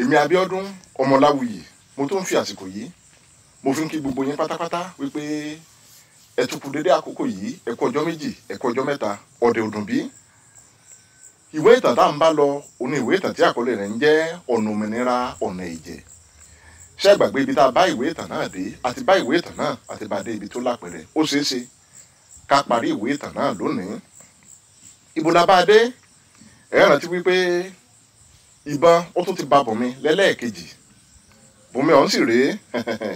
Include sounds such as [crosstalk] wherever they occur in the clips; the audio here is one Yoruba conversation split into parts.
èmi Abíọ́dún Ọmọláwuyì mo tó ń fi àsìkò yìí mo fi ń kí gbogbo yín pátápátá wípé ẹ tún kú dédé àkókò yìí ẹ kú ọjọ́ méjì ẹ kú ọjọ́ mẹ́ta ọdẹ ọdún bí. ìwé ìtàn tá à ń bá lọ òun ìwé ìtàn tí àkọlé rẹ̀ ń jẹ́ ọ̀nà òmìnira ọ̀nà ìjẹ̀ ṣé ẹ ibi tá a bá ìwé ìtàn náà dé àti bá ìwé ìtàn náà àti bá dé ibi tó lápẹ̀rẹ̀ ó ṣeé ṣe ká parí ìwé ìtàn náà lónìí. ibo bá a dé ẹ rántí wípé ìbọn ó tún ti ba bùnmi lẹ́lẹ́ẹ̀kejì bùnmi ọ̀hún sì rèé [laughs]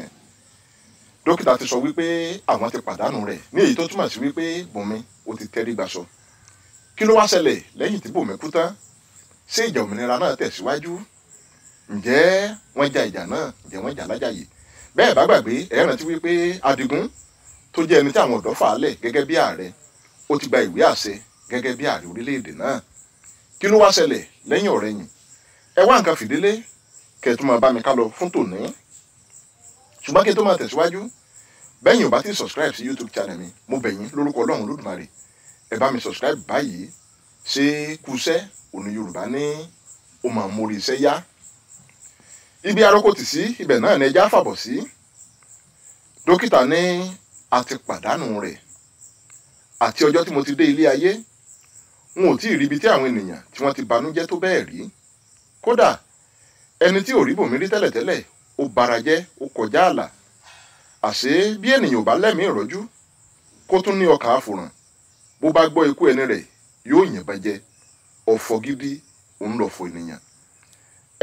dókítà ti sọ wípé àwọn ti pàdánù rẹ̀ ní èyí tó túmọ̀ sí wípé bùnmi ó ti tẹ́rí gbaṣọ kí ló wá ṣẹlẹ̀ lẹ́yìn tí bùnmi kú tán ṣé ìjà òmìnira náà tẹ̀síwájú ǹjẹ́ wọ́n ja ìjà náà ǹjẹ́ wọ́n jà lájàyè bẹ́ẹ̀ bá gbàgbé ẹ rántí wípé Adigun tó jẹ́ ẹni tí àwọn ọ̀dọ́ fà á lẹ̀ gẹ́gẹ́ bí ààrẹ ó ti gba ìwé àṣẹ gẹ́gẹ́ bí ààrẹ orílẹ̀-èdè náà kí ló wá ṣẹlẹ̀ lẹ́yìn ọ̀rẹ́yìn ẹ wá nǹkan fìdílé kẹtùmọ bá mi ká lọ fún tòní ṣùgbọ́n kí n tó máa tẹ̀síwájú bẹ́yìn ò bá ti subscribe sí youtube channel mi mo bẹ̀ yín lórúkọ ọlọ́run lódùmarè ẹ bá mi subscribe báyìí ṣé kùsẹ́ òní yorùbá ní ó máa mórí iṣẹ́ yá ibi arókò tì sí ibẹ̀ náà ni ẹja fàbọ̀ sí dókítà ní a ti pàdánù rẹ̀ àti ọjọ́ tí mo ti dé ilé ayé n ò tí ì ríbi tí àwọn ènìyàn tí wọ́n ti banújẹ́ tó bẹ́ẹ̀ rí kódà ẹni tí ò rí bòmí rí tẹ́lẹ̀tẹ́lẹ̀ ó bara jẹ́ ó kọjá àlà àṣé bí ènìyàn ò bá lẹ́mìí ìrọ́jú kó tún ní ọkàn àfòràn bó bá gbọ́ ikú ẹni rẹ̀ yóò yìnbọn jẹ ọ̀fọ̀ gidi òun lọ fọ ènìyàn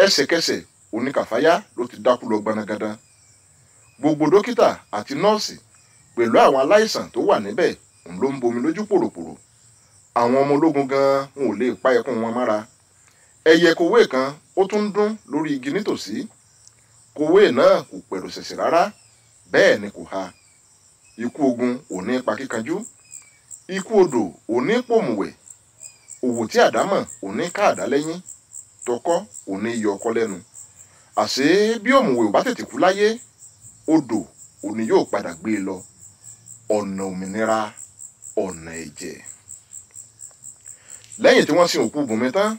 ẹsẹ̀kẹsẹ̀ oníkàfáyà ló ti dákú lọ gbanagada gbogbo dókítà àti nọ́ọ̀sì pẹ̀lú àwọn aláìsàn tó wà níbẹ̀ òun ló ń bomi lójú pòròpòrò àwọn ọmọ ológun gan-an wọn ò lè pa ẹkún wọn mára ẹyẹ kòwé kan ó tún ń dún lórí igi nítòsí kòwé náà kò pẹ̀rù ṣẹ̀ṣẹ̀ rárá bẹ́ẹ̀ ni kò ha ikú ogun ò ní ipa kíkanjú ikú odò ò ní pòmùwẹ̀ òwò tí àdámọ̀ ò ní ká àdá lẹ́yìn ò ní yọ ọkọ́ lẹ́nu àṣé bí òmùwẹ̀ ò bá tètè kú láyé odò ò ní yóò padà gbé e lọ ọ̀nà òmìnira ọ̀nà ẹ̀jẹ̀ lẹ́yìn tí wọ́n sin òkú Bùnmi tán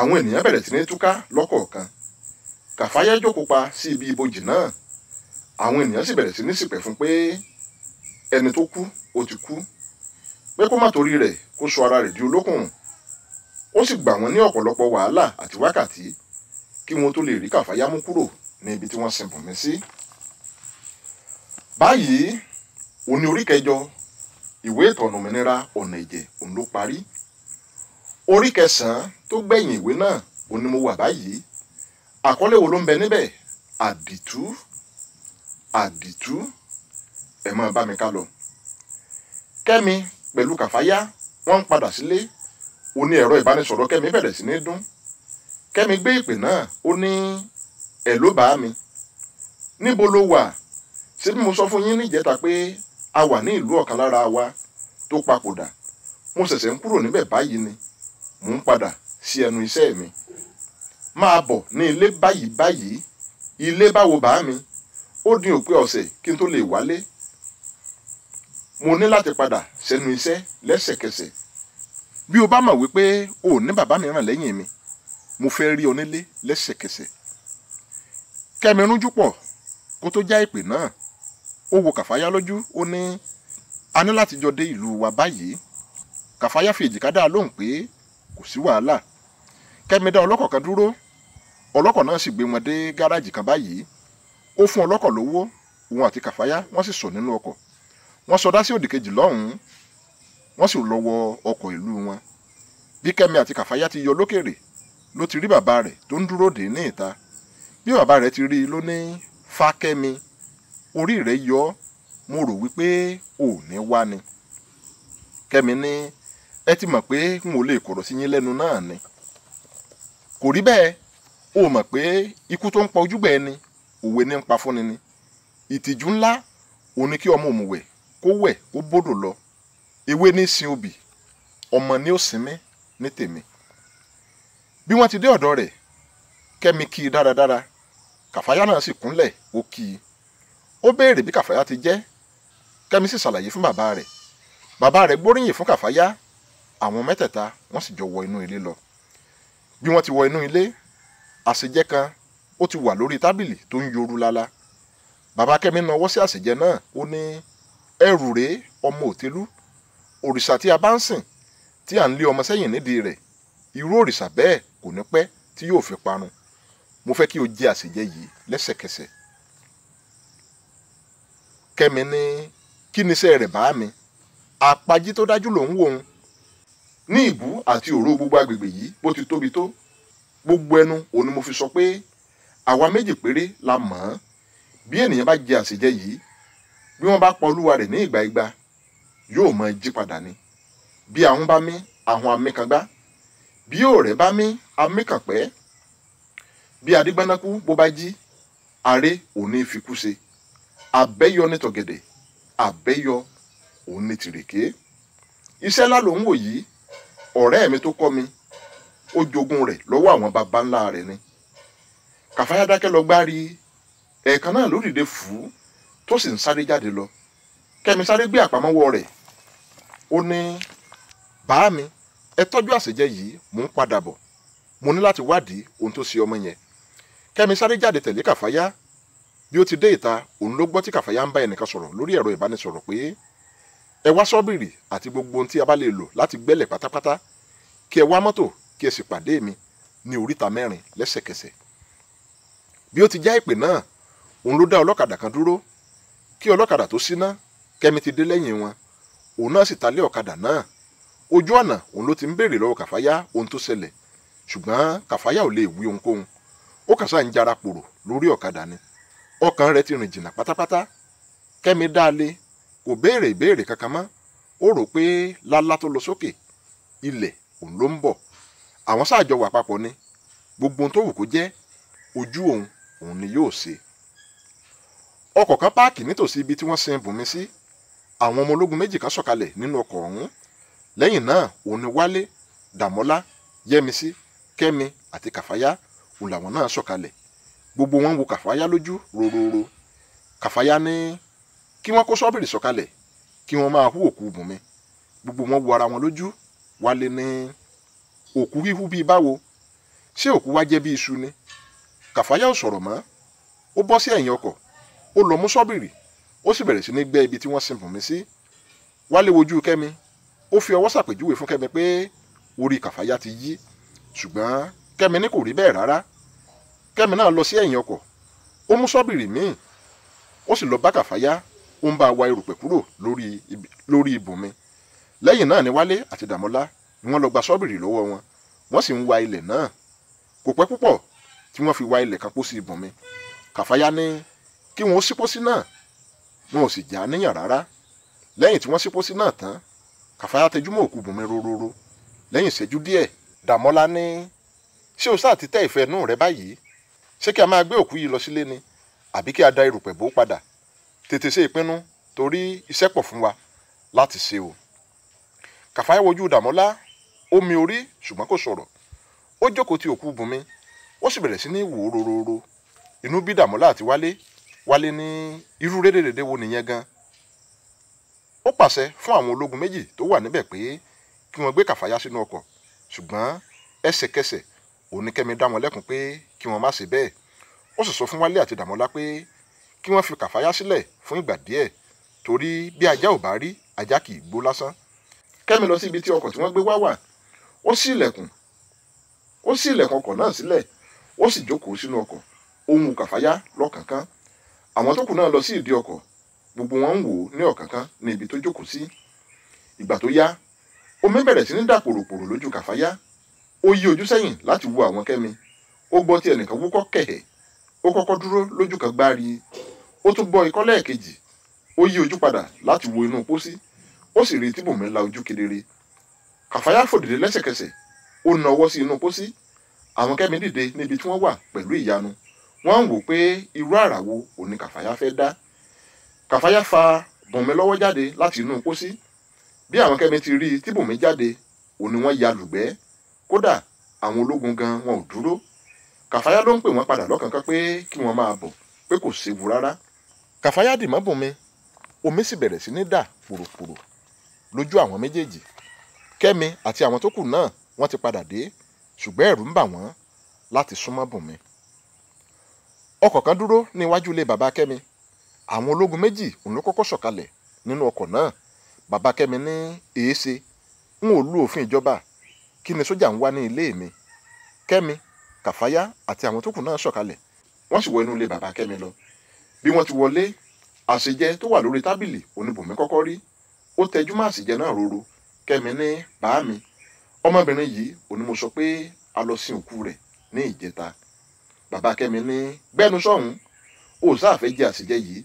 àwọn ènìyàn bẹ̀rẹ̀ sí ní túká lọ́kọ̀ọ̀kan kàfáyá jókòó pa sí ibi ibojì náà àwọn ènìyàn sì bẹ̀rẹ̀ sí ní ṣìpẹ̀ fún pé ẹni tó kú ó ti kú pé kó má torí rẹ̀ kó sọ ara rẹ̀ di olókùnrùn ó sì gbà wọ́n ní ọ̀pọ̀lọpọ̀ wàhálà àti wákàtí kí wọ́n tó lè rí kàfáyá mú kúrò ní ibi tí wọ́n sin bùnmi sí. báyìí òní orí kẹjọ ìwé ìtàn òmìnira ọ̀nà ìjẹ̀ òun ló parí orí kẹsàn-án tó gbẹ̀yìn ìwé náà òun ni mo wà báyìí àkọlé wo ló ń bẹ níbẹ̀ àdìtú àdìtú ẹ máa bá mi ká lọ. kẹ́mi pẹ̀lú kàfáyá wọ́n ń padà sílé ó ní ẹ̀rọ ìbánisọ̀rọ̀ kẹ́mi bẹ̀rẹ̀ sí ní dún kẹ́mi gbé ìpè náà ó ní ẹ̀ ló bá mi níbo ló wà ṣé bí mo sọ fún yín níjẹta pé a wà ní ìlú ọ̀kan lára wa tó papòdà mo ṣẹ̀ṣẹ̀ ń kúrò níbẹ̀ báyìí ni. Báyìí ni mò ń padà sí ẹnu iṣẹ́ mi máa bọ̀ ní ilé báyìí báyìí ilé báwo bá mi ó dín òpin ọ̀sẹ̀ kí n tó lè wálé mo ní láti padà sẹ́nu iṣẹ́ lẹ́sẹ̀kẹsẹ̀ bí o bá mọ̀ wípé o ò ní bàbá mìíràn lẹ́yìn mi mo fẹ́ rí onílé lẹ́sẹ̀kẹsẹ̀ kẹ́mi rújú pọ̀ kó tó já ìpè náà ó wo kàfáyá lójú ó ní a ní láti jọ dé ìlú wa báyìí kàfáyá fi èjìká dá lóhùn pé kò sí wàhálà kẹ́mi dá ọlọ́kọ̀ kan dúró ọlọ́kọ̀ náà sì gbé wọn dé gáràjì kan báyìí ó fún ọlọ́kọ̀ lówó òun àti kàfáyá wọ́n sì sọ nínú ọkọ̀ wọ́n sọdá sí òdì kejì lọ́hùn-ún wọ́n sì lọ wọ ọkọ̀ ìlú wọn bí kẹ́mi àti kàfáyá ti yọ lókèrè ló ti rí bàbá rẹ̀ tó ń dúró dè ní ìta bí bàbá rẹ̀ ti rí i ló ní fákẹ́mi orí rẹ̀ yọ mo rò wípé òní wá ni kẹ́mi ní. ẹ ti mọ̀ pé n ò lè kọ̀rọ̀ sí yín lẹ́nu náà ni kò rí bẹ́ẹ̀ o mọ̀ pé ikú tó ń pa ojúgbà ẹni òwe ń pa fúnni ni ìtìjú ńlá òun ni kí ọmọ òmùwẹ̀ kó wẹ̀ kó bódò lọ ewé ní sin obì ọmọ ní ó ní tèmi bí wọ́n ti dé ọ̀dọ̀ rẹ̀ kẹ́mi kí i dáradára kàfáyà náà sì kúnlẹ̀ ó kí i ó béèrè bí kàfáyà ti jẹ́ kẹ́mi sì ṣàlàyé fún bàbá rẹ̀ bàbá rẹ̀ gbóríyìn fún àwọn mẹ́tẹ̀ẹ̀ta wọ́n sì jọ wọ inú ilé lọ bí wọ́n ti wọ inú ilé àṣejẹ kan ó ti wà lórí tábìlì tó ń yoru lala bàbá Kẹ́mi nawọ́ sí àṣejẹ náà ó ní ẹrù rèé ọmọ òtélú òrìṣà tí a bá ń sìn tí à ń lé ọmọ sẹ́yìn nídìí rẹ̀ irú òrìṣà bẹ́ẹ̀ kò ní pẹ́ tí yóò fi parun mo fẹ́ kí o jẹ àṣejẹ yìí lẹ́sẹ̀kẹsẹ̀ Kẹ́mi ní kí ni iṣẹ́ rẹ̀ bá mi àpají tó dájú lòún wò ó ní ìbú àti òró gbogbo agbègbè yìí bó ti tóbi tó gbogbo ẹnu òun ni mo fi sọ pé àwa méjì péré la mọ̀ ọ́n bí ènìyàn bá jẹ àṣejẹ yìí bí wọ́n bá pa olúwa rẹ̀ ní ìgbà ìgbà yóò mọ jí padà ni bí àwọn bá mí àwọn amíkangbá bí òòrẹ̀ bá mí amíkànpẹ́ bí adigbanaku bó bá jí aré òní fikú ṣe abẹ́yọ ní tọ̀gẹ̀dẹ̀ abẹ́yọ òní tìrèké iṣẹ́ ńlá ló ń wò yìí ọ̀rẹ́ mi tó kọ́ mi ó jogún rẹ̀ lọ́wọ́ àwọn baba ńlá rẹ̀ ni Kàfáyá dákẹ́ lọ gbárí ẹ̀ẹ̀kan náà ló dìde fù ú tó sì ń sáré jáde lọ Kẹ́mi sáré gbé àpamọ́wọ́ rẹ̀ ó ní bàá mi ẹ tọ́jú àṣejẹ yìí mò ń padà bọ̀ mo ní láti wádìí ohun tó ṣe ọmọ yẹn Kẹ́mi sáré jáde tẹ̀lé Kàfáyá bí ó ti dé ìta òun ló gbọ́ tí Kàfáyá ń bá ẹnìkan sọ̀rọ̀ lórí ẹ̀rọ ìbánisọ̀rọ̀ pé ẹ wá ṣọ́bìrì àti gbogbo ohun tí a bá lè lò láti gbẹ́lẹ̀ pátápátá kí ẹ wá mọ́tò kí ẹ sì pàdé mi ní oríta mẹ́rin lẹ́sẹ̀kẹsẹ̀ bí ó ti já ìpè náà òun ló dá ọlọ́kadà kan dúró kí ọlọ́kadà tó síná kẹ́mi ti dé lẹ́yìn wọn òun náà sì talé ọ̀kadà náà ojú ọ̀nà òun ló ti ń béèrè lọ́wọ́ kàfáyá ohun tó ṣẹlẹ̀ ṣùgbọ́n kàfáyà ò lè wí ohunkóhun ó kàn sáà ń jara lórí ọ̀kadà ni ọkàn rẹ̀ ti rìn jìnnà pátápátá kẹ́mi dáalé kò béèrè ìbéèrè kankan mọ́ ó rò pé lálá tó lọ sókè ilẹ̀ òun ló ń bọ̀ àwọn sáàjọ wà papọ̀ ni gbogbo ohun tó wù kó jẹ́ ojú òun òun ni yóò ṣe ọkọ̀ kan páàkì nítòsí ibi tí wọ́n sin Bùnmi sí àwọn ọmọ ológun méjì kan sọ̀kalẹ̀ nínú ọkọ̀ ọ̀hún lẹ́yìn náà òun ni Wálé Dàmọ́lá Yẹ́misí Kẹ́mi àti Kàfáyá òun làwọn náà sọ̀kalẹ̀ gbogbo wọn wo Kàfáyá lójú rororo Kàfáyá ní. Ni kí wọ́n kó ṣọ́bìrì sọ̀kalẹ̀ kí wọ́n máa hú òkú Bùnmi gbogbo wọn wo ara wọn lójú Wálé ní òkú híhú bíi báwo ṣé òkú wá jẹ́ bíi iṣu ni Kàfáyà ò sọ̀rọ̀ mọ́ ó bọ́ sí ẹ̀yìn ọkọ̀ ó lọ mú ṣọ́bìrì ó sì bẹ̀rẹ̀ sí ní gbẹ́ ibi tí wọ́n sin Bùnmi sí Wálé wojú Kẹ́mi ó fi ọwọ́ sàpèjúwe fún Kẹ́mi pé orí Kàfáyà ti yí ṣùgbọ́n Kẹ́mi ní kò rí bẹ́ẹ̀ rárá Kẹ́mi náà lọ sí ẹ̀yìn ọkọ̀ ó mú ṣọ́bìrì míì ó sì lọ bá Kàfáyà ó ń bá wa erùpẹ̀ kúrò lórí ibùnmi lẹ́yìn náà ni wálé àti dàmọ́lá ni wọ́n lọ gba sọ́bìrì lọ́wọ́ wọn wọ́n sì ń wa ilẹ̀ náà kò pẹ́ púpọ̀ tí wọ́n fi wa ilẹ̀ kan pósí ibùnmi kàfáyá ní kí wọ́n ó sí pósí náà wọn ò sì já níyàn rárá lẹ́yìn tí wọ́n sí pósí náà tán kàfáyá tẹjúmọ́ òkú bùnmi rororo lẹ́yìn ìṣẹ́jú díẹ̀ dàmọ́lá ní ṣé o sáà ti tẹ́ ìfẹ́ inú rẹ báyìí ṣé kí a máa gbé òkú yìí lọ sílé ni àbí kí a da irùpẹ̀ bò padà tètè ṣe ìpinnu torí iṣẹ́ pọ̀ fún wa láti ṣe o Kàfáyé wojú Dàmọ́lá ó mi orí ṣùgbọ́n kò sọ̀rọ̀ ó jókòó ti òkú Bùnmi ó sì bẹ̀rẹ̀ sí ní wò ó rororo inú bí Dàmọ́lá àti Wálé Wálé ní irú rédèrèdè wo nìyẹn gan ó pàṣẹ fún àwọn ológun méjì tó wà níbẹ̀ pé kí wọ́n gbé Kàfáyá sínú ọkọ̀ ṣùgbọ́n ẹsẹ̀kẹsẹ̀ Oníkẹ́mi dá wọn lẹ́kun pé kí wọ́n má ṣe bẹ́ẹ̀ ó sì sọ fún Wálé àti Dàmọ́lá pé kí wọ́n fi kàfáyà sílẹ̀ fún ìgbà díẹ̀ torí bí ajá ò bá rí ajá kì í gbó lásán. kẹ́mi lọ sí ibi tí ọkọ̀ tí wọ́n gbé wá wà ó ṣí ilẹ̀kùn ó ṣí ilẹ̀kùn ọkọ̀ náà sílẹ̀ ó sì jókòó sínú ọkọ̀ ohun kàfáyà lọ́kànkán àwọn tó kù náà lọ sí ìdí ọkọ̀ gbogbo wọn ń wò ó ní ọ̀kánkán ní ibi tó jókòó sí ìgbà tó yá omi bẹ̀rẹ̀ sí ní dà pòròpòrò lójú kàfáyá ó yí ojú sẹ́yìn láti wo àwọn kẹ́mi ó gbọ́ tí ẹnìkan wúkọ́ kẹ̀hẹ́ ó kọ́kọ́ dúró lójú kan gbárí ó tún bọ ikọ́ lẹ́ẹ̀kejì ó yí ojú padà láti wo inú pósí ó sì rí Tìbọ̀mí la ojú kedere Kàfáyà fòdìdè lẹ́sẹ̀kẹsẹ̀ ó na ọwọ́ sí inú pósí àwọn Kẹ́mi dìde níbi tí wọ́n wà pẹ̀lú ìyanu wọ́n ń wò pé irú àrà wo òní Kàfáyà fẹ́ dá Kàfáyà fa Bọ̀mí lọ́wọ́ jáde láti inú pósí bí àwọn Kẹ́mi ti rí Tìbọ̀mí jáde òní wọ́n ya lùgbẹ́ kódà àwọn ológun gan wọn ò dúró Kàfáyà ló ń pè wọ́n padà lọ́kànkan pé kí wọ́n máa bọ̀ pé kò séwu rárá kàfáyà dì mọ́ bùnmi omi sì bẹ̀rẹ̀ sí ní dà fòròfòrò lójú àwọn méjèèjì kẹ́mi àti àwọn tó kù náà wọ́n ti padà dé ṣùgbọ́n ẹ̀rù ń bà wọ́n láti súnmọ́ bùnmi ọkọ̀ kan dúró ní iwájú ilé bàbá kẹ́mi àwọn ológun méjì òun ló kọ́kọ́ sọ̀kalẹ̀ nínú ọkọ̀ náà bàbá kẹ́mi ní èéṣe n ò lu òfin ìjọba kí ni sójà ń wá ní ilé mi kẹ́mi kàfáyà àti àwọn tó kù náà sọ̀kalẹ̀ wọ́n sì wọ inú ilé bàbá kẹ́mi lọ bí wọ́n ti wọlé àṣejẹ tó wà lórí tábìlì oníbùnmi kọ́kọ́ rí ó tẹjú mọ́ àṣejẹ náà roro kẹ́mi ní bàá mi ọmọbìnrin yìí òní mo sọ pé a lọ sin òkú rẹ̀ ní ìjẹta bàbá kẹ́mi ní gbẹ́nu sọ̀hún ó sáàfẹ́ jẹ àṣejẹ yìí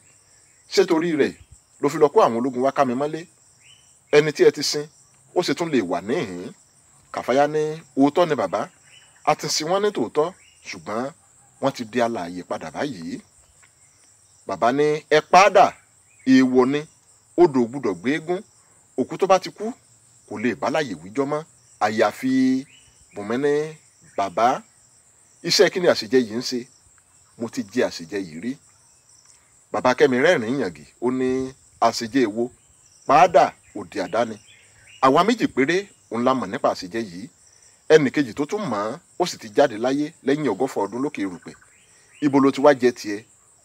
ṣètòrí rẹ̀ ló fi lọ kó àwọn ológun wá ká mi mọ́lé ẹni tí ẹ ti sin ó sì tún lè wà níhìn kàfáyá ní òótọ́ ni bàbá a ti sin wọ́n ní tòótọ́ ṣùgbọ́n wọ́n ti di alààyè padà báyìí bàbá ní ẹ pàdà èèwọ̀ ni odò gbúdọ̀ gbé eégún òkú tó bá ti kú kò lè bá láyè wíjọ́ mọ́ àyàfi bùnmi ní bàbá iṣẹ́ kí ni àṣejẹ yìí ń ṣe mo ti jẹ àṣejẹ yìí rí bàbá kẹ́mi rẹ́rìn-ín yàngì ó ní àṣejẹ èwo pàdà òdì àdáni àwa méjì péré òun la mọ̀ nípa àṣejẹ yìí ẹnì kejì tó tún mọ̀ ọ́n ó sì ti jáde láyé lẹ́yìn ọgọ́fà ọdún lókè erùpẹ̀ ibo ló ti wá jẹ tiẹ̀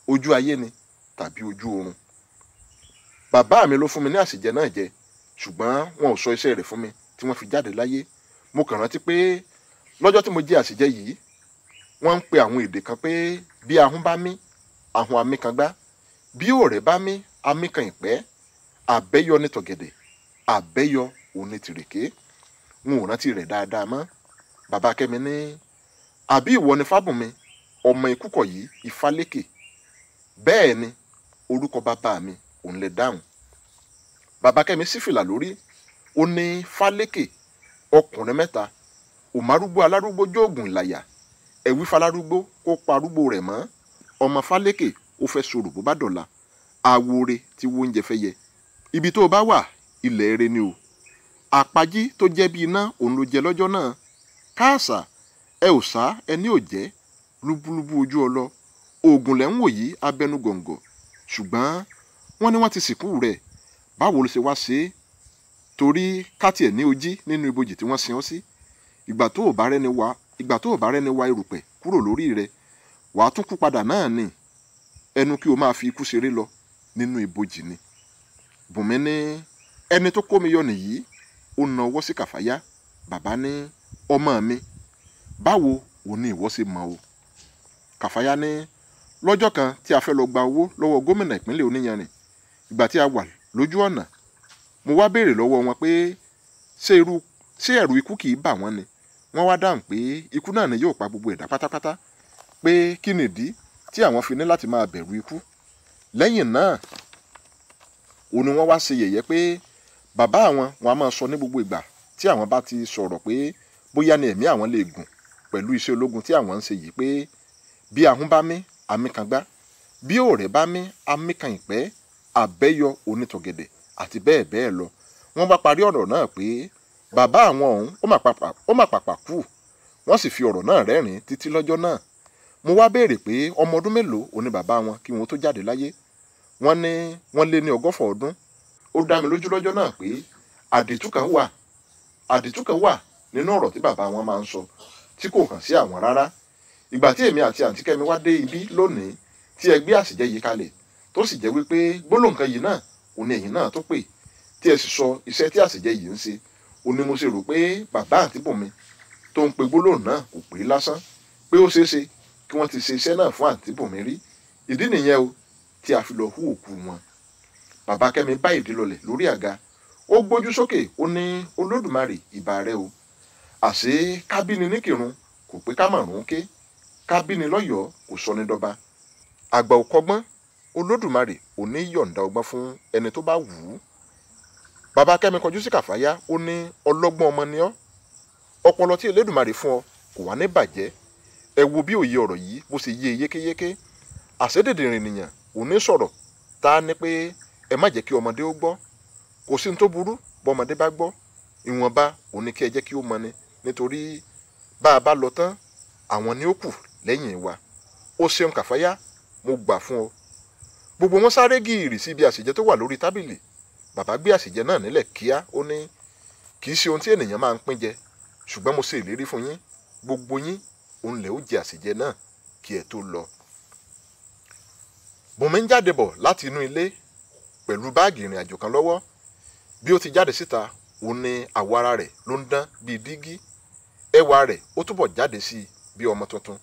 ojú ayé ni tàbí ojú oorun bàbá mi ló fún mi ní àṣìjẹ náà jẹ ṣùgbọ́n wọn ò sọ iṣẹ́ rẹ̀ fún mi tí wọ́n fi jáde láyé mo kàn rántí pé lọ́jọ́ tí mo jẹ àṣìjẹ yìí wọ́n ń pe àwọn èdè kan pé bí ahun bá mí ahun amí kan gbá bí ọ̀rẹ́ bá mí amí kan ìpẹ́ àbẹ́yọ ní tọ̀gẹ̀dẹ̀ àbẹ́yọ òní tìrèké n ò rántí rẹ̀ dáadáa mọ́ bàbá kẹ́mi ní àbí ìwọ ni fábùnmi ọmọ ikúkọ̀ yìí ifálékè bẹ́ẹ̀ ni orúkọ bàbá mi òun lè dáhùn bàbá kẹ́mi sífìlà lórí ó ní fálékè ọkùnrin mẹ́ta òmárúgbó alárúgbó jóògùn ìlàyà ẹ̀wí falárúgbó kó pa arúgbó rẹ̀ mọ́ ọmọ fálékè ó fẹ́ sòrò bó bá dọ̀la àwòrè tí wo oúnjẹ fẹ́ yẹ ibi tó o bá wà ilẹ̀ eré ni o àpájí tó jẹ́ bí iná òun ló jẹ lọ́jọ́ náà káàsà ẹ ò sá ẹ ní ò lúbúlúbú ojú ọlọ́ọ̀ oògùn lẹ́ ń wò yìí abẹnugọ̀ngọ̀ ṣùgbọ́n wọ́n ní wọ́n ti sìnkú rẹ̀ báwo ló ṣe wá ṣe é torí kátiẹ̀ ní ojí nínú ibojì tí wọ́n sin ọ́ sí ìgbà tó ò bá rẹ́ni wá ìgbà tó ò bá rẹ́ni wá erùpẹ̀ kúrò lórí rẹ̀ wàá tún kú padà náà ni ẹnu kí o máa fi ikú ṣeré lọ nínú ibojì ni bùnmi ní ẹni tó kó mi yọ nìyí ó na ọwọ́ sí kàfáyá bàbá ní ọmọ mi báwo ò ní ìwọ ṣe o kàfáyá ní lọ́jọ́ kan tí a fẹ́ lọ gba owó lọ́wọ́ gómìnà ìpínlẹ̀ oníyanrìn ìgbà tí a wà lójú ọ̀nà mo wá béèrè lọ́wọ́ wọn pé ṣé irú ṣé ẹ̀rù ikú kì í bà wọ́n ni wọ́n wá dáhùn pé ikú náà ni yóò pa gbogbo ẹ̀dá pátápátá pé kí nìdí tí àwọn fi ní láti máa bẹ̀rù ikú lẹ́yìn náà ó ní wọ́n wá ṣe yẹ̀yẹ́ pé bàbá àwọn wọn a máa sọ ní gbogbo ìgbà tí àwọn bá ti sọ̀rọ̀ pé bóyá ni ẹ̀mí àwọn lè gùn pẹ̀lú iṣẹ́ ológun tí àwọn ń ṣe yìí pé bí ahun bá mí amíkangbá bí òòrè bá mí amíkan ìpẹ́ àbẹ́yọ onítọ̀gẹ̀dẹ̀ àti bẹ́ẹ̀ bẹ́ẹ̀ lọ wọ́n bá parí ọ̀rọ̀ náà pé bàbá àwọn ọ̀hún ó mà pàpà kú wọ́n sì fi ọ̀rọ̀ náà rẹ́rìn títí lọ́jọ́ náà mo wá béèrè pé ọmọ ọdún mélòó òní bàbá wọn kí wọn tó jáde láyé wọ́n ní wọ́n lé ní ọgọ́fà ọdún ó dá mi lójú lọ́jọ́ náà pé àdìtú kan wà àdìtú kan wà nínú ọ̀rọ̀ tí bàbá wọn máa ń sọ tí kò hàn sí àwọn rárá ìgbà tí èmi àti àǹtí Kẹ́mi wá dé ibí lónìí tí ẹ gbé àsìjẹ yìí kalẹ̀ tó sì jẹ́ wípé gbólóǹkan yìí náà òun ni ẹ̀yin náà tó pè tí ẹ sì sọ iṣẹ́ tí àsìjẹ yìí ń ṣe òun ni mo ṣe rò pé bàbá àǹtí Bùnmi tó ń pe gbólóhùn náà kò pé lásán pé ó ṣeé ṣe kí wọ́n ti ṣe iṣẹ́ náà fún àǹtí Bùnmi rí ìdí nìyẹn o tí a fi lọ hú òkú wọn bàbá Kẹ́mi bá ìdí lọlẹ̀ lórí àga ó gbójú sókè ó ní Olódùmarè ìbà o àṣé kábínì kò pé ká màrún ké okay? kábínì lọ́yọ̀ọ́ kò sọ ní dọ́ba àgbà ò kọ́gbọ́n olódùmarè ò ní yọ̀ǹda ọgbọ́n fún ẹni tó bá wù ú bàbá kẹ́mi kọjú sí kàfáyá ó ní ọlọ́gbọ́n ọmọ ni ọ́ ọpọlọ tí olódùmarè fún ọ kò wá ní bàjẹ́ ẹ wo bí òye ọ̀rọ̀ yìí bó ṣe yé e yékéyéké àṣedèdè ènìyàn ò sọ̀rọ̀ tá a ní pé ẹ má jẹ́ kí ọmọdé ó gbọ́ kò sí ní tó burú bọ́mọdé bá gbọ́ ìwọ̀nba ò kí ẹ jẹ́ kí ó mọ̀ ni nítorí bá a bá lọ tán àwọn ni ó kù lẹ́yìn wa o ṣeun kàfáyà mo gbà fún ọ gbogbo wọn sáré gìrì sí ibi àṣejẹ tó wà lórí tábìlì bàbá gbé àṣejẹ náà nílẹ̀ kíá ó ní kì í ṣe ohun tí ènìyàn máa ń pín jẹ ṣùgbọ́n mo ṣe ìlérí fún yín gbogbo yín òun lè ó jẹ àṣejẹ náà kí ẹ tó lọ. bùnmi ń jáde bọ̀ láti inú ilé pẹ̀lú báàgì ìrìn àjò kan lọ́wọ́ bí ó ti jáde síta òun ni àwọ̀ ara rẹ̀ ló ń dán bíi dígí ẹwà rẹ̀ ó túbọ̀ jáde sí i bí ọmọ tuntun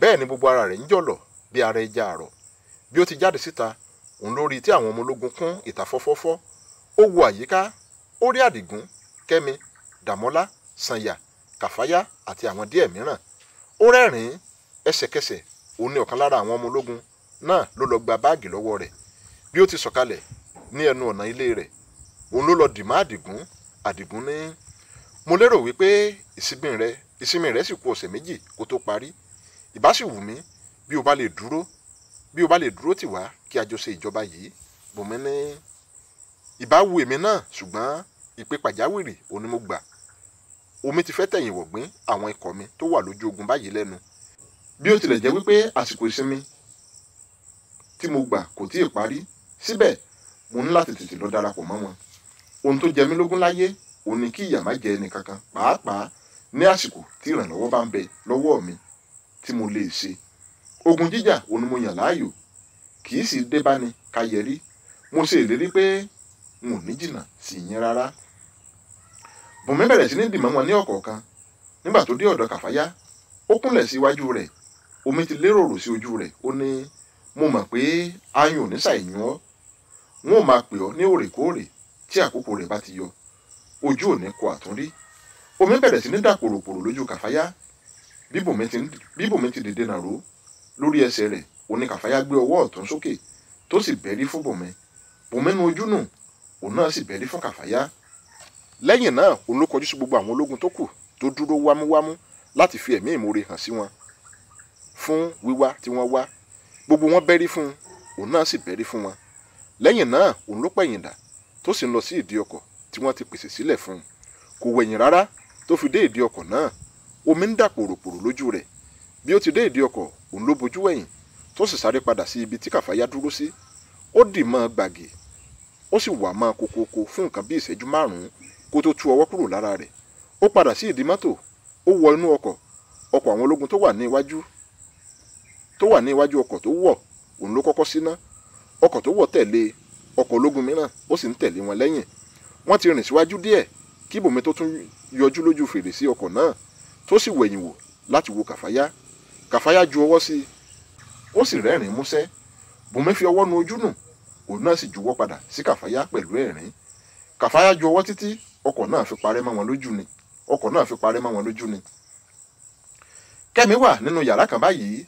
bẹ́ẹ̀ ni gbogbo ara rẹ̀ ń jọ̀lọ̀ bí ara ẹja àrọ̀ bí ó ti jáde síta òun ló rí tí àwọn ọmọ ológun kún ìta fọ́fọ́fọ́ ó wo àyíká ó rí àdìgún kẹ́mi dàmọ́lá sànyà kàfáyá àti àwọn díẹ̀ mìíràn ó rẹ́rìn ni ọ̀kan lára àwọn ọmọ ológun náà ló lọ gba báàgì lọ́wọ́ rẹ̀ bí ó ti sọ̀kalẹ̀ ní ẹnu ọ̀nà ilé rẹ̀ òun ló lọ dìmọ́ àdìgún àdìgún ní ìbá sì wù mí bí o bá lè dúró bí o bá lè dúró tì wá kí a jọ ṣe ìjọba yìí bùnmi ní ìbá wù èmi náà ṣùgbọ́n ìpè pàjáwìrì òní mo gbà omi ti fẹ́ tẹ̀yìn wọ̀gbìn àwọn ikọ̀ mi tó wà lójú ogun báyìí lẹ́nu bí ó tilẹ̀ jẹ́ wípé àsìkò ìsinmi tí mo gbà kò tíì parí síbẹ̀ mo ní láti tètè lọ darapọ̀ mọ́ wọn ohun tó jẹ mí lógún láyé òun ni kí ìyà má jẹ ẹnì kankan pàápàá ní àsìkò tí ìrànlọ́wọ́ bá ń bẹ lọ́wọ́ mi tí mo lè ṣe ogun jíjà òun ni mo yàn láàyò kì í sì dé bá ni ká mo ṣe ìlérí pé n ò ní jìnnà sí yín rárá bùnmi bẹ̀rẹ̀ sí ní dìmọ́ wọn ní ọ̀kọ̀ọ̀kan nígbà tó dé ọ̀dọ̀ kàfáyá ó kúnlẹ̀ sí iwájú rẹ̀ omi ti léròrò sí ojú rẹ̀ ó ní mo mọ̀ pé ayùn ò ní ọ́ wọn ò máa pè ọ́ ní òrèkóòrè tí àkókò rẹ̀ bá ti yọ ojú ò ní kọ àtúnrí omi bẹ̀rẹ̀ sí ní dà pòròpòrò lójú kàfáyá bíbò mi ti dìde nàró lórí ẹsẹ̀ rẹ̀ oníkàfáyà gbé ọwọ́ ọ̀tún sókè tó sì bẹ́rí fún bòmí bòmí nu ojú nù òun náà sì bẹ́rí fún kàfáyà lẹ́yìn náà òun ló kọjú sí gbogbo àwọn ológun tó kù tó dúró wámúwámú láti fi ẹ̀mí ìmoore hàn sí wọn fún wíwá tí wọ́n wá gbogbo wọn bẹ́rí fún un òun náà sì bẹ́rí fún wọn lẹ́yìn náà òun ló pẹ̀yìn dà tó sì ń lọ sí ìdí ọkọ̀ tí wọ́n ti pèsè sílẹ̀ fún un kò wẹ̀yìn rárá tó fi dé ìdí ọkọ̀ náà omi ń dà pòròpòrò lójú rẹ̀ bí ó ti dé ìdí ọkọ̀ òun ló bojú wẹ̀yìn tó sì sáré padà sí ibi tí kàfáyá dúró sí ó dì mọ́ gbàgì ó sì wà mọ́ kokoko fún nǹkan bí ìṣẹ́jú márùn-ún kó tó tú ọwọ́ kúrò lára rẹ̀ ó padà sí ìdí mọ́tò ó wọ inú ọkọ̀ ọkọ̀ àwọn ológun tó wà ní iwájú tó wà ní iwájú ọkọ̀ tó wọ̀ òun ló kọ́kọ́ síná ọkọ̀ tó wọ̀ tẹ̀lé ọkọ̀ ológun mìíràn ó sì ń tẹ̀lé wọn lẹ́yìn wọ́n ti rìn síwájú díẹ̀ kí ibòmí tó tún yọjú lójú fèrèsé ọkọ̀ náà tó sì wẹ̀yìn wò láti wo kàfáyá kàfáyá ju ọwọ́ sí i ó sì rẹ́rìn-ín músẹ́ bùnmi fi ọwọ́ nu ojú nù òun náà sì juwọ́ padà sí kàfáyá pẹ̀lú ẹ̀rín kàfáyá ju ọwọ́ títí ọkọ̀ náà fi parẹ́ mọ́ wọn lójú ni ọkọ̀ náà fi parẹ́ mọ́ wọn lójú ni. kẹ́mi wà nínú yàrá kan báyìí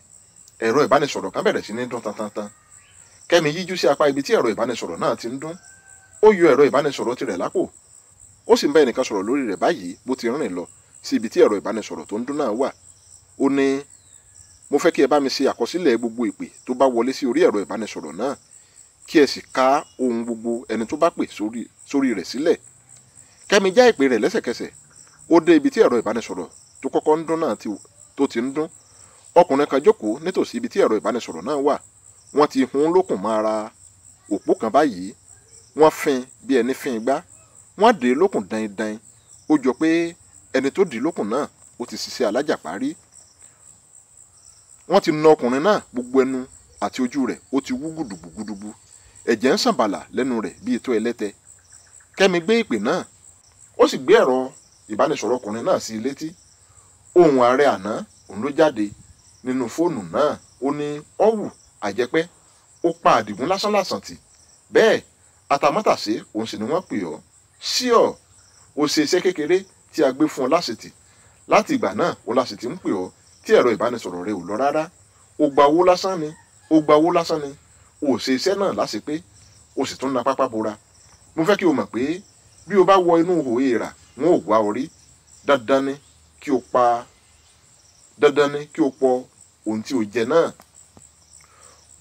ẹ̀rọ ìbánisọ̀rọ̀ kan bẹ̀rẹ̀ sí ní dún tantantan kẹ́mi yíjú sí apá ibi tí ẹ̀rọ ìbánisọ̀rọ̀ náà ti ń dún ó yọ ẹ̀rọ ìbánisọ̀rọ̀ tirẹ̀ lápò ó sì ń bá ẹnìkan sọ̀rọ̀ lórí rẹ̀ báyìí bó ti rìn lọ sí ibi tí ẹ̀rọ ìbánisọ̀rọ̀ tó ń dún náà wà ó ní mo fẹ́ kí ẹ bá mi ṣe àkọsílẹ̀ gbogbo ìpè tó bá wọlé sí orí ẹ̀rọ ìbánisọ̀rọ̀ náà kí ẹ sì ka ohun gbogbo ẹni tó bá pè sórí rẹ̀ sílẹ̀ kẹ́mi já ìpè rẹ̀ lẹ́sẹ̀kẹsẹ̀ ó dé ibi tí ẹ̀rọ ìbánisọ̀rọ̀ tó kọ́kọ́ ń dún náà tó ti ń dún ọkùnrin kan jókòó nítòsí ibi tí ẹ̀rọ ìbánisọ̀rọ̀ náà wà wọ́n ti hun lókùn mọ́ ara òpó kan báyìí wọ́n fin bí ẹni fin igbá wọ́n dè é lókùn ó jọ pé ẹni tó dì lókùn náà ó ti ṣiṣẹ́ alájà parí wọ́n ti na ọkùnrin náà gbogbo ẹnu àti ojú rẹ̀ ó ti wú gùdùgbùgùdùgbù ẹ̀jẹ̀ ń sàn bàlà lẹ́nu rẹ̀ bíi tó ẹlẹ́tẹ kẹ́mi gbé ìpè náà ó sì gbé ẹ̀rọ ìbánisọ̀rọ̀ ọkùnrin náà sí létí ohun ààrẹ àná òun ló jáde nínú fóònù náà ó ní ọ̀wù àjẹpẹ́ ó pa àdìgún lásánlàsàn tì bẹ́ẹ̀ atamátàsé òun sì ni wọ́n pè ọ́ sí ọ̀ ó ṣe iṣẹ́ kékeré tí a gbé fún ọ láṣetì láti ìgbà náà o láṣetì ń pè ọ tí ẹ̀rọ ìbánisọ̀rọ̀ rẹ ò lọ rárá o gba owó lásán ni o gba owó lásán ni o ṣe iṣẹ́ náà láṣepé o sì tún na pápá bora mo fẹ́ kí o mọ̀ pé bí o bá wọ inú ihò èèrà wọn ò wá orí dandan ni kí o pa dandan ni kí o pọ ohun tí o jẹ náà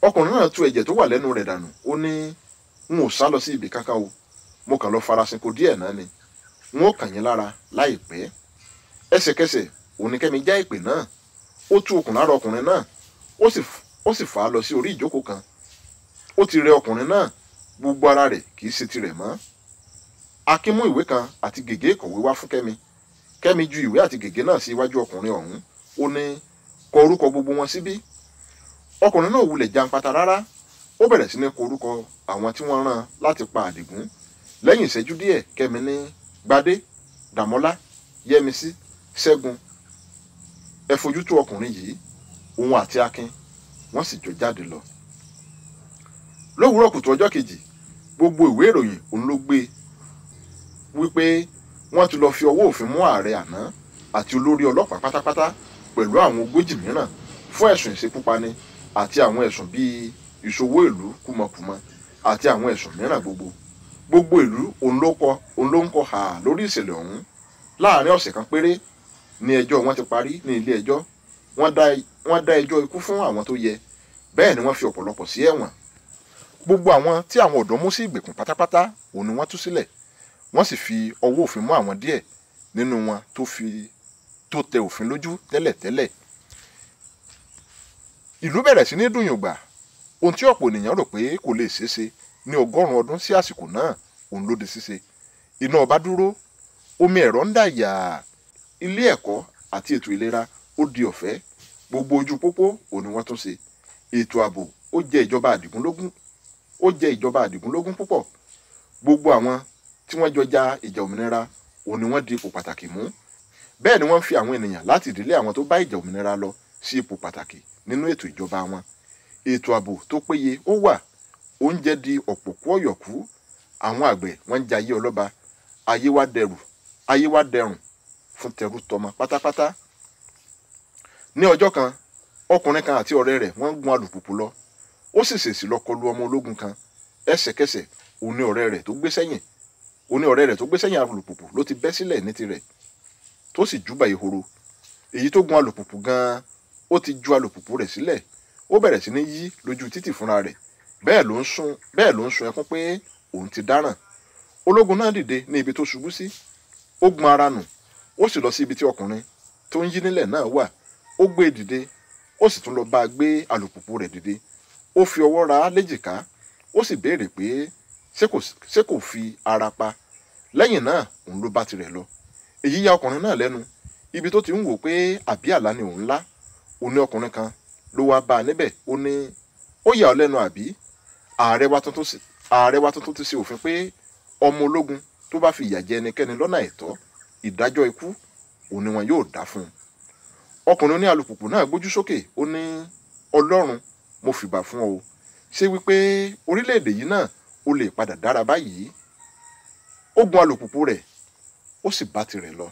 ọkùnrin náà tú ẹ̀jẹ̀ tó wà lẹ́nu rẹ̀ dànù ó ní n ò sá lọ sí ibì kankan o mo kàn lọ farasin kò díẹ̀ náà ni wọn ó kàn yín lára láìpẹ́ ẹsẹ̀kẹsẹ̀ oníkẹ́mi já ìpè náà ó tú okùn lára ọkùnrin náà ó sì fà á lọ sí orí ìjókòó kan ó ti rẹ ọkùnrin náà gbogbo ara rẹ̀ kì í ṣe tirẹ̀ mọ́ akin mú ìwé kan àti gègé ìkọ̀wé wá fún kẹ́mi kẹ́mi ju ìwé àti gègé náà sí iwájú ọkùnrin ọ̀hún ó ní kọ orúkọ gbogbo wọn síbí ọkùnrin náà wulẹ̀ jàǹpátá rárá ó bẹ̀rẹ̀ sí ní kọ orúkọ àwọn tí wọ́n rán láti pa àdìgún lẹ́yìn ìṣẹ́jú díẹ̀ kẹ́mi ní gbadé dàmọ́lá yẹmisí ṣẹ́gun ẹ fojú tó ọkùnrin yìí òun àti akin wọ́n sì jọ jáde lọ. lówùúrọ̀ kùtù ọjọ́ kejì gbogbo ìwé ìròyìn òun ló gbé wípé wọ́n ti lọ fi ọwọ́ òfin mú ààrẹ àná àti olórí ọlọ́pàá pátápátá pẹ̀lú àwọn ogójì mìíràn fún ẹ̀sùn ìṣekúpani àti àwọn ẹ̀sùn bíi ìṣòwò ìlú kùmọ̀kùmọ̀ àti àwọn ẹ̀sùn mìíràn gbogbo gbogbo ìlú òun ló kọ òun ló ń kọ hà lórí ìṣẹ̀lẹ̀ ọ̀hún láàrin ọ̀sẹ̀ kan péré ni ẹjọ́ wọn ti parí ní ilé ẹjọ́ wọ́n dá ẹjọ́ ikú fún àwọn tó yẹ bẹ́ẹ̀ ni wọ́n fi ọ̀pọ̀lọpọ̀ sí ẹ̀wọ̀n gbogbo àwọn tí àwọn ọ̀dọ́ mú sí ìgbèkùn pátápátá òun ni wọ́n tú sílẹ̀ wọ́n sì fi ọwọ́ òfin mú àwọn díẹ̀ nínú wọn tó fi tó tẹ òfin lójú tẹ́lẹ̀tẹ́lẹ̀ ìlú bẹ̀rẹ̀ sí ní dùnyùngbà ohun tí ọ̀pọ̀ ènìyàn rò pé kò lè ṣeé ní ọgọ́rùn-ún ọdún sí àsìkò náà òun ló di ṣíṣe iná ọba dúró omi ẹ̀rọ ń dà yà ilé ẹ̀kọ́ àti ètò ìlera ó di ọ̀fẹ́ gbogbo ojú pópó òun ni wọ́n tún ṣe ètò ààbò ó jẹ́ ìjọba àdìgúnlógún ó jẹ́ ìjọba àdìgúnlógún púpọ̀ gbogbo àwọn tí wọ́n jọ ja ìjà òmìnira òun ni wọ́n di ipò pàtàkì mú bẹ́ẹ̀ ni wọ́n fi àwọn ènìyàn láti ìdílé àwọn tó bá ìjà òmìnira lọ sí ipò pàtàkì nínú ètò ìjọba wọn ètò ààbò tó péye ó wà oúnjẹ di ọ̀pọ̀kú ọ̀yọ̀kú àwọn àgbẹ̀ wọ́n ń jẹ ayé ọlọ́ba ayé wa dẹrù ayé wa dẹrùn fún tẹrú tọmọ pátápátá ní ọjọ́ kan ọkùnrin kan àti ọ̀rẹ́ rẹ̀ wọ́n ń gun alùpùpù lọ ó sì ṣèṣì lọ kọlu ọmọ ológun kan ẹsẹ̀kẹsẹ̀ òní ọ̀rẹ́ rẹ̀ tó gbé sẹ́yìn òní ọ̀rẹ́ rẹ̀ tó gbé sẹ́yìn alùpùpù ló ti bẹ́ sílẹ̀ ní tirẹ̀ tó sì júbà ìhoro èyí tó gun alùpùpù gan-an ó ti ju alùpùpù rẹ̀ sílẹ̀ ó bẹ̀rẹ̀ sí ní yí lójú títì fúnra rẹ̀ bẹ́ẹ̀ ló ń sun bẹ́ẹ̀ ló ń sun ẹkún pé òun ti dáràn ológun náà dìde ní ibi tó ṣubú sí ó gbọn ara nù ó sì lọ sí ibi tí ọkùnrin tó ń yí nílẹ̀ náà wà ó gbé e dìde ó sì tún lọ bá a gbé alùpùpù rẹ̀ dìde ó fi ọwọ́ ra léjìká ó sì béèrè pé ṣé kò fi ara pa lẹ́yìn náà òun ló bá tirẹ̀ lọ èyí ya ọkùnrin náà lẹ́nu ibi tó ti ń wò pé àbí àlá ni òun lá òun ní ọkùnrin kan ló wá bá a níbẹ̀ ó ní ó yà ọ́ lẹ́nu àbí ààrẹ wa tuntun sí ààrẹ wa tuntun ti ṣe òfin pé ọmọ ológun tó bá fi ìyà jẹ ẹnikẹ́ni lọ́nà ẹ̀tọ́ ìdájọ́ ikú òun ni wọn yóò dá fún un ọkùnrin oní alùpùpù náà gbójú sókè ó ní ọlọ́run mo fìbà fún ọ o ṣé wípé orílẹ̀-èdè yìí náà ó lè padà dára báyìí ó gun alùpùpù rẹ̀ ó sì bá tirẹ̀ lọ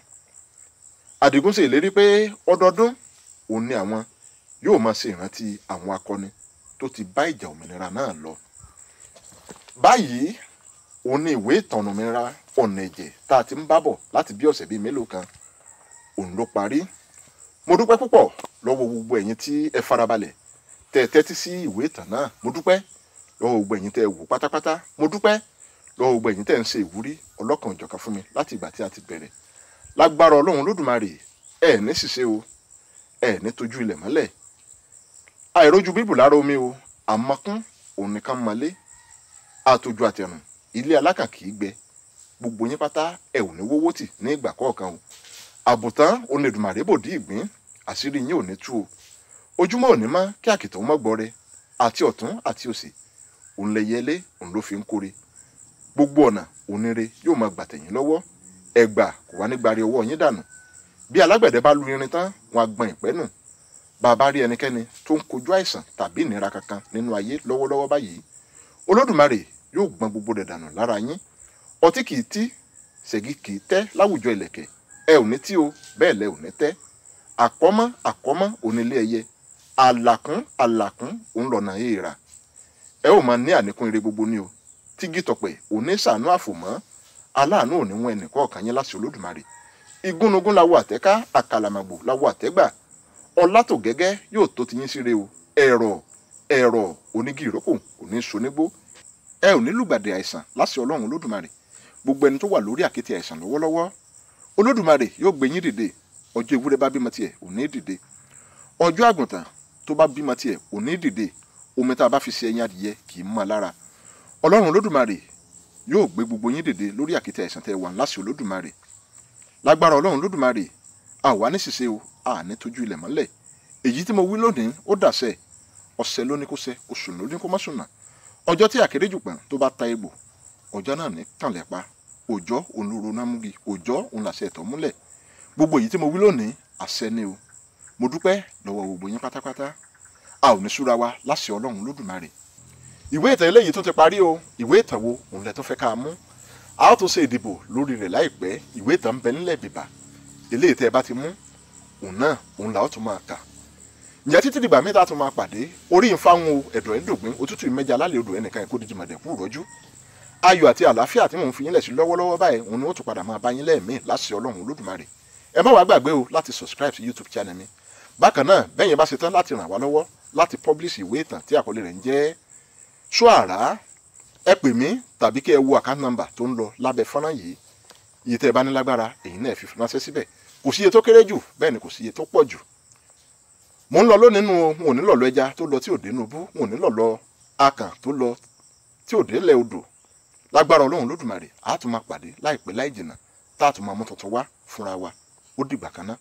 àdìgún sì lérí pé ọdọọdún òun ni àwọn yóò máa ṣe ìrántí àwọn akọni tó ti bá ìjà òmìnira náà lọ báyìí òun ni ìwé ìtàn òmìnira ọ̀nà ẹ̀jẹ̀ tá a ti ń bábọ̀ láti bí ọ̀sẹ̀ bíi mélòó kan òun ló parí mo dúpẹ́ púpọ̀ lọ́wọ́ gbogbo ẹ̀yin tí ẹ farabalẹ̀ tẹ́ ẹ tẹ́tí sí ìwé ìtàn náà mo dúpẹ́ lọ́wọ́ gbogbo ẹ̀yin tẹ́ ẹ wò pátápátá mo dúpẹ́ lọ́wọ́ gbogbo ẹ̀yin tẹ́ ẹ ń ṣe ìwúrí ọlọ́kan ìjọ̀kan fún mi láti ìgbà tí a ti bẹ̀rẹ̀ lágbára ọlọ́run lódùmarè ẹ ní ṣìṣe o ẹ ní tójú ilẹ̀ mọ́lẹ̀ àìrójú bíbù lára omi o àmọ́kún òun nìkan mọ́lé àtòjú àtẹ̀rùn ilé alákàkì gbẹ gbogbo yín pátá ẹ ò ní wọ́wọ́ tì ní ìgbà kọ̀ọ̀kan o àbùtán onídùmàrè bò dí ìgbín àṣírí yín ò ní tú o ojúmọ́ òní mọ́ kí àkìtàn mọ́ gbọ́rẹ àti ọ̀tún àti òsì òun lè yẹlé òun ló fi ń kórè gbogbo ọ̀nà onire yóò máa gbà tẹ̀yìn lọ́wọ́ ẹgbà kò wá ní gbari ọwọ́ yín dànù bí alágbẹ̀dẹ bá lu irin tán wọn á gbọn ìpẹ́ nù bàbá rí ẹnikẹ́ni tó ń kojú àìsàn tàbí ìnira kankan nínú ayé lọ́wọ́lọ́wọ́ báyìí olódùmarè yóò gbọn gbogbo rẹ̀ dànù lára yín ọtí kìí tí ṣègì kìí tẹ́ láwùjọ ìlẹ̀kẹ̀ ẹ ò ní tí o bẹ́ẹ̀ lẹ ò ní tẹ́ àkọ́mọ́ àkọ́mọ́ onílé ẹyẹ àlàkún àlàkún òun èèrà ẹ ò máa ní àníkún ire gbogbo ni o tígi tọ̀pẹ̀ òní ṣàánú àfòmọ́ aláàánú òní wọn ẹnìkọ̀ọ̀kan yín láti olódùmarè igúnnugún lawo àtẹ́ká àkàlàmàgbò lawo àtẹ́gbà ọlátògẹ́gẹ́ yóò tó ti yín síre o ẹ̀rọ̀ ẹ̀rọ̀ onígi ìrókò òní ṣonígbó ẹ ò ní lùgbàdì àìsàn láṣẹ ọlọ́run olódùmarè gbogbo ẹni tó wà lórí àkéte àìsàn lọ́wọ́lọ́wọ́ olódùmarè yóò gbé yín dìde ọjọ́ ewúrẹ́ bá bímọ tiẹ̀ ò ní dìde ọjọ́ àgùntàn tó bá bímọ tiẹ̀ ò ní dìde omi tá a bá fi ṣe ẹyin adìyẹ kì í mọ́ lára ọlọ́run olódùmarè yóò gbé gbogbo yín dìde lórí àkéte àìsàn tẹ́ wà láṣẹ olódùmarè lágbára ọlọ́run olódùmarè a wà ní ṣìṣe o a ní tójú ilẹ̀ mọ́lẹ̀ èyí tí mo wí lónìí ó dàṣẹ ọ̀sẹ̀ ló oṣù ló ní ọjọ́ tí àkéréjùpọ̀n tó bá ta egbò ọjọ́ náà ní tànlẹ̀ pa òjọ́ òun ló ro námúgi òjọ́ òun làṣẹ ẹ̀tọ́ múlẹ̀ gbogbo èyí tí mo wí lónìí àṣẹ ni o mo dúpẹ́ lọ́wọ́ gbogbo yín pátápátá a ò ní súra wa láṣẹ ọlọ́run lódùmarè ìwé ìtàn eléyìí tó ti parí o ìwé ìtàn wo òun lẹ tó fẹ́ ká mú a ó tún ṣe ìdìbò lórí rẹ̀ láìpẹ́ ìwé ìtàn ń bẹ nílẹ̀ bìbà eléyìí tẹ́ ẹ bá ti mú òun náà òun là ó tún máa kà ǹjẹ́ títí dìgbà mẹ́ta tó máa pàdé orí ìfáwọn ẹ̀dọ̀ ẹ̀dògbín òtútù ìmẹ́jà lálẹ́ odò ẹnìkan ẹ̀kọ́ dídì mọ̀dẹ̀kú rọ́jú ayọ̀ àti àlàáfíà tí mò ń fi yín lẹ̀ sí lọ́wọ́lọ́wọ́ báyìí òun ni ó tún padà máa bá yín lẹ́ẹ̀mí láṣẹ ọlọ́run olódùmarè ẹ má wàá gbàgbé o láti subscribe sí youtube channel mi bákan náà bẹ́ẹ̀ yẹn bá ṣe tán láti ràn wá lọ́wọ́ láti publish ìwé ìtàn tí àkọlé number tó ń lọ lábẹ́ fọ́nrán yìí iye tẹ́ ẹ bá ní lágbára èyí náà mò ń lọ lónìínú wọn ò ní lọ lọ ẹja tó lọ tí ò dénú bú wọn ò ní lọ lọ akàn tó lọ tí ò délẹ̀ odò lágbára ọlọ́run lódùmarè àá tún máa pàdé láìpẹ́ láì jìnnà tá tún máa mú tuntun wá fúnra wa ó dìgbà kan náà.